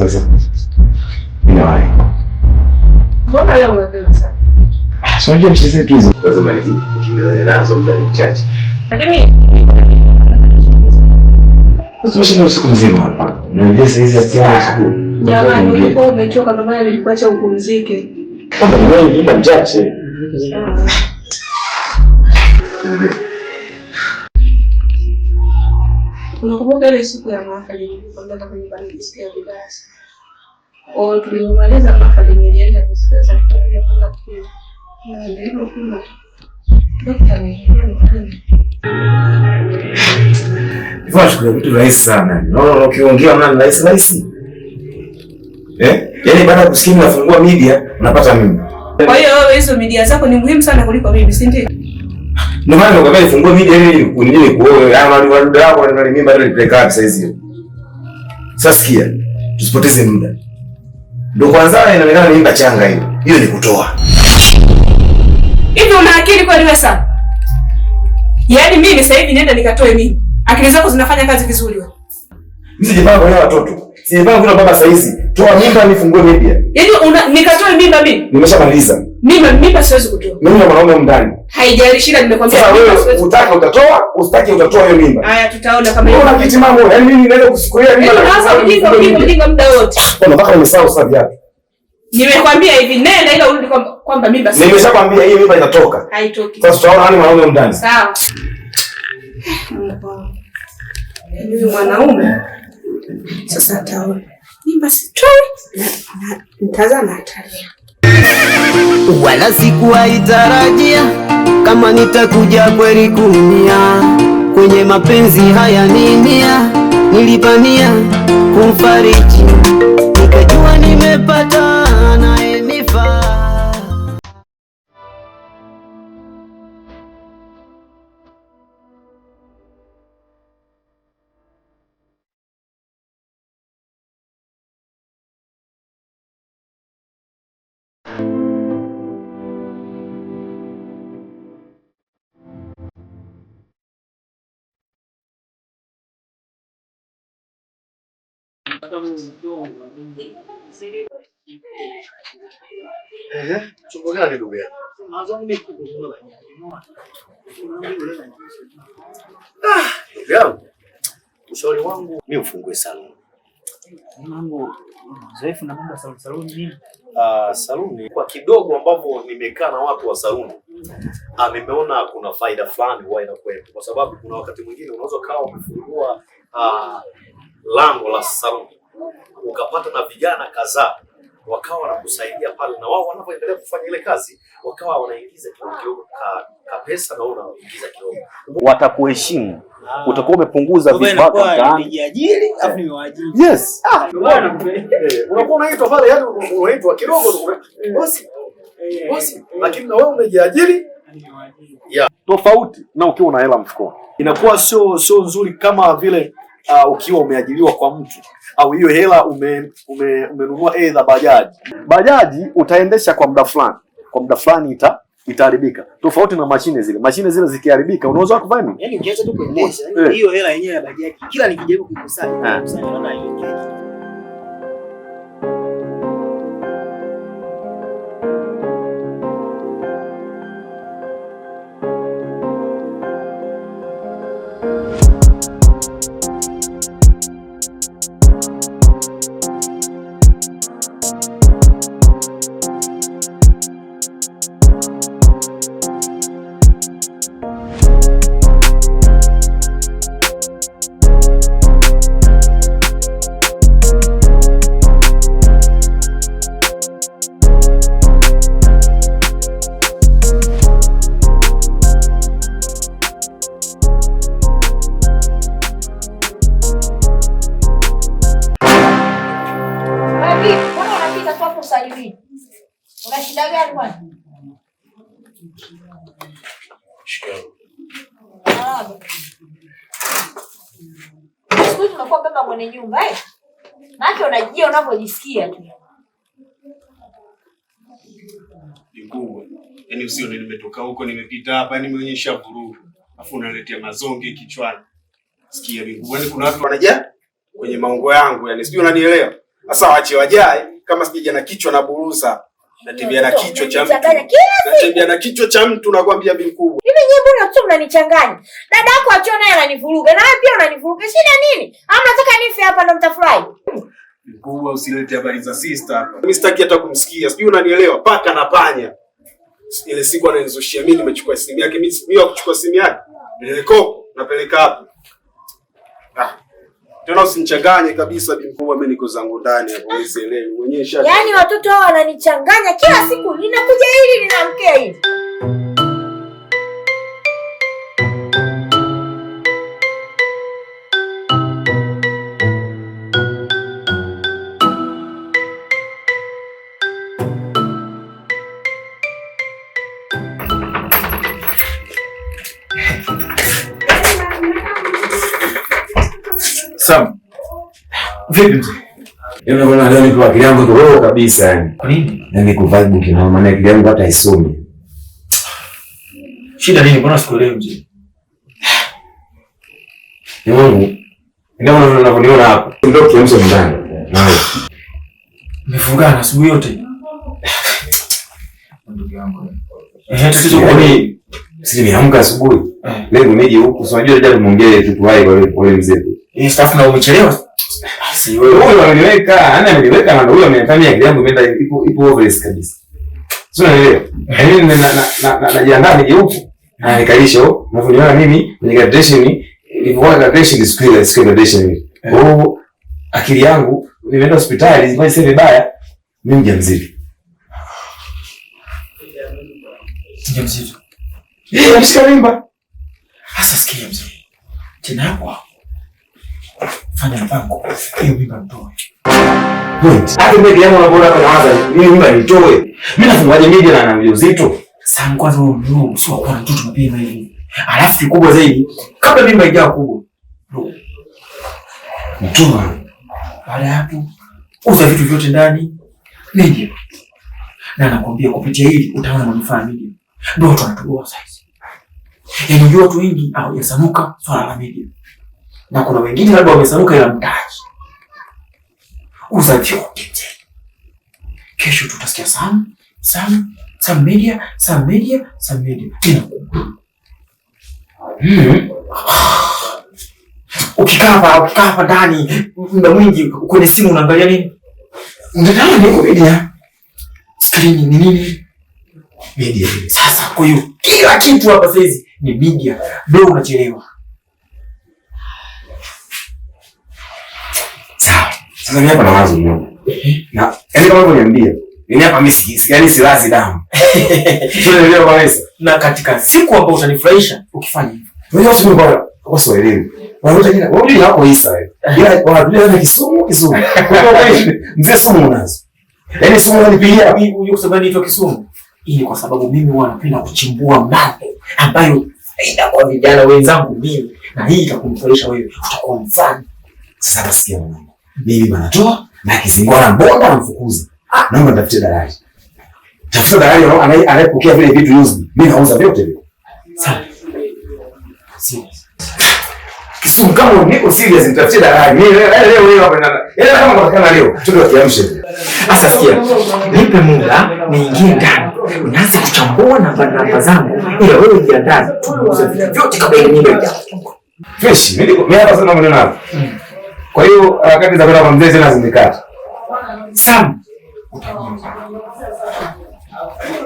Sasa ah, unajua nchi zetu hizo lazima nikimbizane nazo muda mchache, lakini tumeshinda usiku mzima hapa na hizi asiana usiku. Jamani, ulikuwa umechoka, ndio maana nilikuacha upumzike muda mchache. Ah. Unakumbuka ile siku ya mahafali nilikwambia kwenye bana nisikia vibaya sana. tulimaliza mahafali nilienda kusikiliza kutoka kwa kile. Na ndio kuna kwa vitu rahisi sana. Naona ukiongea mna rahisi rahisi. Eh? Yaani baada ya kusikia nafungua media, unapata mimi. Kwa hiyo hizo media zako ni muhimu sana kuliko mimi, si ndio? Ndio maana ukakaa ifungue media ili unijue kuoe ama wadudu wako wanaleta mimba ndio nipeleka wapi sasa hizi. Sasa sikia. Tusipoteze muda. Ndio kwanza inaonekana ni mimba changa hiyo. Hiyo ni kutoa. Hivi una akili kweli wewe sana? Yaani mimi sasa hivi nenda nikatoe mimi. Akili zako zinafanya kazi vizuri wewe. Mimi sijapanga kwa watoto. Sijapanga kuna baba sasa hizi. Toa mimba nifungue media. Yaani nikatoe mimba mimi? Nimeshamaliza. Mimi mimi siwezi kutoa. Mimi na mwanaume ndani. Haijalishi na nimekwambia wewe utaka utatoa, usitaki utatoa hiyo mimba. Haya tutaona kama hiyo. Una kiti mambo, yani mimi naweza kusikia mimba. Sasa ujinga ujinga ujinga muda wote. Kwa nini mpaka nimesahau sasa yake? Nimekwambia hivi nenda ila urudi kwamba mimba sasa. Nimeshakwambia hii mimba inatoka. Haitoki. Sasa tutaona nani mwanaume ndani. Sawa. Mimi mwanaume sasa ataona. Mimba sitoi. Mtazama atalia wala sikuwaitarajia kama nitakuja kweli kumia kwenye mapenzi haya ninia, nilipania kumfariji nikajua nimepata Chombo gani ndugu yangu? Ushauri wangu mi ufungue saluni. saluni kwa kidogo ambapo nimekaa na watu wa saluni ah, nimeona kuna faida fulani huwa inakuwepo, kwa sababu kuna wakati mwingine unaweza kawa umefungua ah, lango la saluni, ukapata na vijana kadhaa wakawa wanakusaidia pale, na wao wanapoendelea kufanya ile kazi wakawa wanaingiza kidogo ka, ka pesa na wanaingiza kidogo, watakuheshimu ah. utakuwa umepunguza vipato ndani. Yes, ah. unakuwa unaitwa pale, yani unaitwa kidogo eh. bosi eh. bosi, lakini na wewe umejiajiri tofauti na ukiwa una hela mfukoni, inakuwa sio sio nzuri kama vile uh, ukiwa umeajiriwa kwa mtu au hiyo hela umenunua ume, ume, aidha bajaji. Bajaji utaendesha kwa muda fulani, kwa muda fulani ita itaharibika, tofauti na mashine zile. Mashine zile zikiharibika, unaweza kufanya nini? Yaani ungeacha tu kuendesha yaani eh. hiyo hela yenyewe ya bajaji, kila nikijaribu kukusanya eh. naona hiyo Jimini, una shida gani bwana? Ah. Siku hizi umekuwa mwenye nyumba eh? Maana unajia unavyojisikia tu. Yaani usione nimetoka huko nimepita hapa nimeonyesha vurugu. Alafu unaletea mazonge kichwani. Sikia Nikubwa, yaani kuna watu wanaja kwenye maungo yangu yani sijui unanielewa. Sasa waache wajae kama sija na kichwa na buruza natembea na kichwa cha mtu, natembea na kichwa cha mtu, nakwambia bibi mkubwa. Mimi nyie, mbona mtu mnanichanganya? Dada yako acho naye ananivuruga, na wewe pia unanivuruga, shida nini? Au nataka nife hapa ndo mtafurahi? Mkubwa, usilete habari za sister. hapa, Mimi sitaki hata kumsikia, sijui unanielewa. Paka na panya, ile siku ananizushia mimi, nimechukua simu yake. Mimi mimi nakuchukua simu yake nileko napeleka hapo. Ah, tena usinichanganye kabisa bibi mimi niko zangu ndani hapo, hizi leo mwenyewe. Yaani watoto hao wananichanganya kila siku, ninakuja hili ninamkea hili. akili yangu toroka kabisa yani. Kwa nini? Yaani na nikuvibe kinoma, maana akili yangu hata isomi. Shida nini? Mbona sikuelewi mzee? Ni Mungu. Ndio maana unavyoniona hapo. Ndio kiamsho ndani. Nawe. Nimefungana asubuhi yote. Ndugu yangu. Eh, tatizo kwa nini? Sisi niamka asubuhi. Eh. Leo nije huku, si unajua jana tumeongea tutu hai kwa yule mzee. Eh, staff na umechelewa si wewe. Huyo ameniweka, ana yaani ameniweka na huyo amenifanyia akili yangu imeenda ipo ipo obvious kabisa. Sio na leo. Yaani na na na jiandaa ni huko. Na nikalisha huko. Nafunyiwa mimi kwenye graduation kwa graduation siku ile siku graduation. Oh, akili yangu nimeenda hospitali, mbona sasa vibaya? Mimi mjamzito. Mjamzito. Eh, msikia mimba. Sasa sikia mzuri. Tena kwa fanya mpango, hiyo mimba nitoe. Alafu kikubwa zaidi, kabla mimba ijawa kubwa. Mtuma. Baada ya hapo, uza vitu vyote ndani. Nije. Na nakwambia kupitia hili utaona manufaa mengi. Ndio watu wanatuboa sasa. Yaani watu wengi au yasanuka swala la media na kuna wengine labda wamesanuka ila mtaji uzavyo kete. Kesho tutasikia Sam, Sam, Sam Media, Sam Media, Sam Media tena kubwa. Hmm. Ukikaa hapa, ukikaa hapa ndani muda mwingi kwenye simu unaangalia nini? Mtandao ni media. Screen ni nini? Media. Sasa kwa hiyo kila kitu hapa saizi ni media. Ndio unachelewa. Sasa mimi hapa na wazo mmoja. Na yani kama unaniambia, mimi yaani hapa mimi si yani si lazi damu. kwa kabisa. Na katika siku ambayo utanifurahisha ukifanya hivyo. Wewe usijue bora jina, hapo Isa. Eh. wanajua Kisumu Kisumu. Kwa mzee Sumu unazo. Yaani Sumu ni Kisumu. kwa sababu mimi huwa napenda kuchimbua mambo ambayo faida kwa vijana wenzangu mimi na hii wewe, utakuwa mfano. Sasa nasikia mwanangu mimi manatoa na na kizingora mbona anamfukuza. Ah, naomba nitafute dalali. Tafuta dalali anaye anayepokea vile vitu used. Mimi nauza vyote vile. Sawa. Kisumu kama niko serious nitafutie dalali. Mimi leo leo leo hapa nana. Leo kama napatikana leo, tuende kiamshe. Sasa sikia. Nipe muda niingie ndani. Nianze kuchambua na namba zangu. Ila wewe jiandae. Tunauza vitu vyote kabla ya nyumba ijaje. Fresh, mimi niko mimi hapa sasa maneno hapa. Kwa hiyo harakati uh, za kwenda kwa mzee zina zimekata Sam.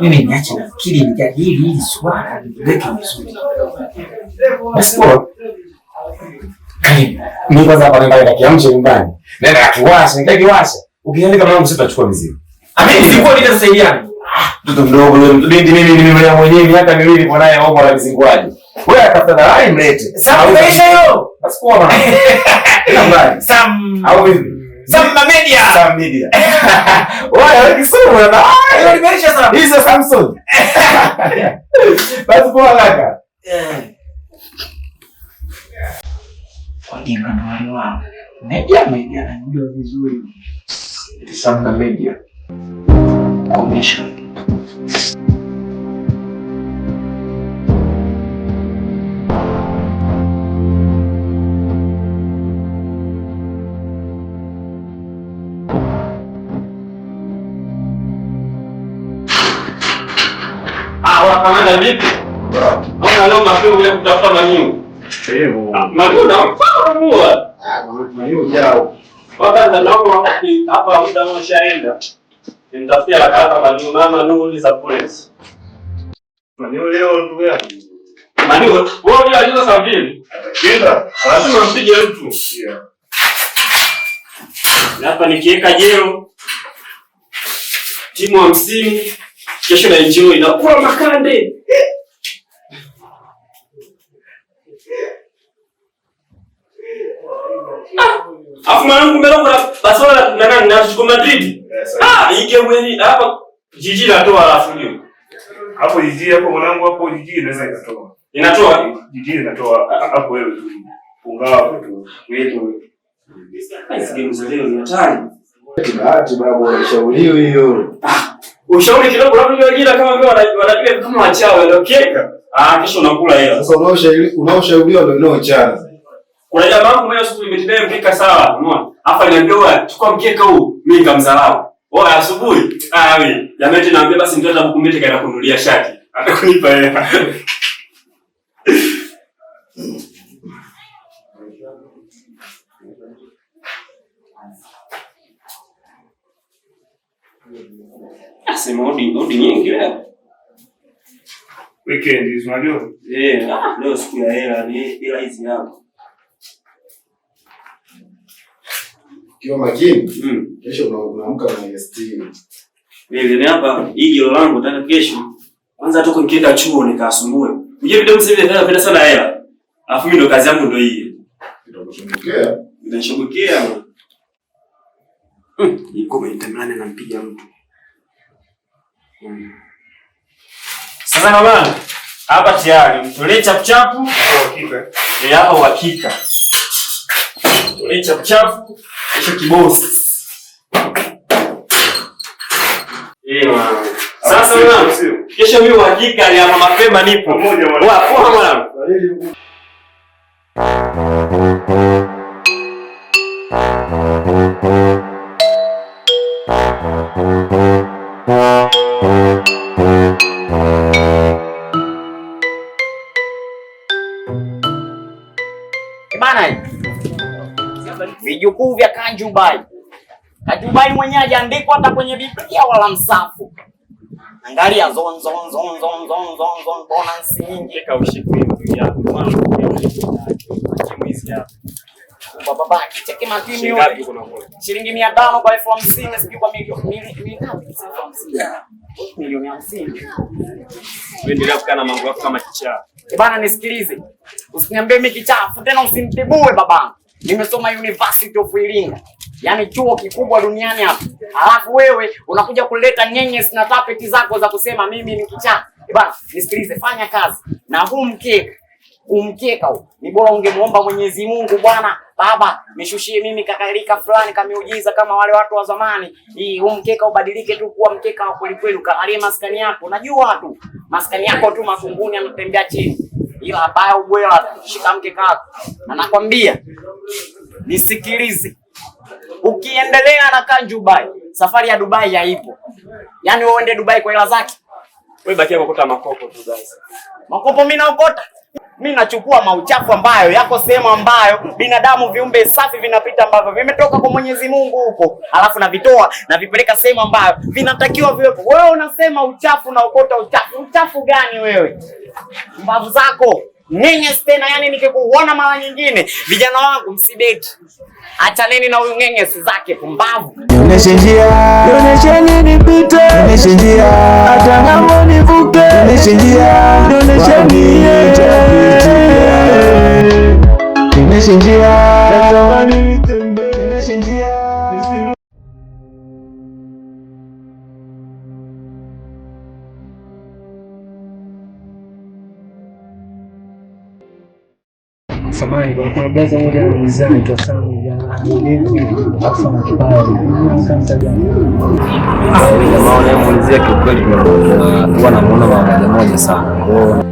Mimi niache nafikiri nijadili hili swala lipeleke vizuri. Basi kwa Mimi kwanza hapa nenda nikakiamsha nyumbani. Nenda kiwasa, nenda kiwasa. Ukiandika mwanangu sasa tutachukua mizigo. Amini mizigo ni tasaidiana. Ah, mtoto mdogo binti mimi nimelea mwenyewe hata miwili kwa naye au mwana mzigo Wewe atafuta dalali mlete. Sasa unaisha hiyo basi kuwa bana ila mbali sam au vipi sam media sam media wao kisoma na hiyo limeisha sana hizo Samsung basi kuwa kaka wajinga na wale wao media media anajua vizuri sam na media kuonyesha Bwana vipi? Mbona leo mapema kuja kutafuta manyu? Sehemu. Ah, manyu na mfamua. Manyu jao. Baba na naomba hapa muda umeshaenda. Nimtafutia kaka manyu mama nuli surprise. Manyu leo ndugu yako. Manyu, wewe ndio ajuza saa mbili. Lazima mpige mtu. Hapa nikiweka jeo timu hamsini kesho na NGO inakuwa makande. Ah, afu mwanangu kuna Barcelona na nani na Atletico Madrid. Ah, ige weli hapa jiji la toa alafu hiyo. Hapo jiji hapo mwanangu hapo jiji inaweza ikatoa. Inatoa jiji inatoa hapo wewe tu. Punga tu. Wewe tu. game za leo ni hatari. Bahati baba, alishauriwa hiyo. Ah ushauri kidogo, labda ajira kama vile wanajua kama wachawi waliokeka, ah, kisha unakula hela. Sasa unaoshauri unaoshauriwa ndio unaochana. Kuna jamaa wangu mmoja asubuhi imetembea mkeka, sawa, umeona? Hapa niambiwa chukua mkeka huu, mimi nikamdharau. Wewe asubuhi, ah, mimi jamaa yetu naambia basi, mtoto atakukumbete kaenda kununulia shati, atakunipa hela sema udi udi nyingi wewe. Weekend unajua? Eh, leo siku ya hela ni bila hizi hapo. Kiwa makini. Mm. Kesho unaamka na ST. Mimi hapa hii jio langu tena kesho. Kwanza tuko nikienda chuo nikasumbue. Unje video vile tena napenda sana hela. Afu mimi ndo kazi yangu ndo hii. Ndio kushumikia. Nitakushughulikia. Nitashughulikia. Mm. Iko na mpiga mtu. Hmm. Sasa baba, hapa tayari mtolee chapuchapu kwa hakika. Ni hapa uhakika. Mtolee chapuchapu kisha kibosi. Eh, ah, mwanangu. Sasa mwanangu, kesho mimi uhakika ni hapa mapema nipo. Wa poa mwanangu. Bana, vijukuu vya Kanjubai. Kanjubai mwenyewe hajaandikwa hata kwenye Biblia wala msafu. Angalia zon zon zon zon zon zon zon bonansi nyingi shilingi mia tano kwa elfu hamsini sijui kwa milioni ngapi elfu hamsini milioni hamsini. Endelea kukaa na mambo yako kama kichaa. Eh, bana, nisikilize, usiniambie mimi kichafu tena, usimtibue baba Nimesoma University of Iringa, yaani chuo kikubwa duniani hapa, alafu wewe unakuja kuleta nyenye na tapeti zako za kusema mimi ni kichaa. Eh, bana, nisikilize, fanya kazi na huu mkeka umkeka huu. Ni bora ungemuomba Mwenyezi Mungu, bwana baba, nishushie mimi kakalika fulani kameujiza kama wale watu wa zamani. Hii huu mkeka ubadilike tu kuwa mkeka wa kweli kweli, kaalie maskani yako. Najua tu maskani yako tu makunguni anatembea chini. Ila baya ubwela, shika mkeka wako. Anakwambia nisikilize. Ukiendelea na kanju bai, safari ya Dubai haipo. Yaani wewe uende Dubai kwa hela zake. Wewe bakia kokota makopo tu guys. Makopo mimi naokota mi nachukua mauchafu ambayo yako sehemu ambayo binadamu viumbe safi vinapita ambavyo vimetoka kwa Mwenyezi Mungu huko, alafu navitoa navipeleka sehemu ambayo vinatakiwa viwepo. Wewe unasema uchafu na ukota uchafu, uchafu gani wewe? Mbavu zako Ng'eng'es tena, yani nikikuona mara nyingine, vijana wangu msibeti, achaneni na huyu ng'eng'es zake pumbavu. Nionyeshe njia, nionyesheni nipite, nionyeshe njia, hata ng'ambo nivuke, nionyeshe njia, nionyesheni nionyeshe njia samani ah, kuna blaza moja mizani tu sana jamaa unayemulizia kiukweli, huwa namuona mara moja moja sana.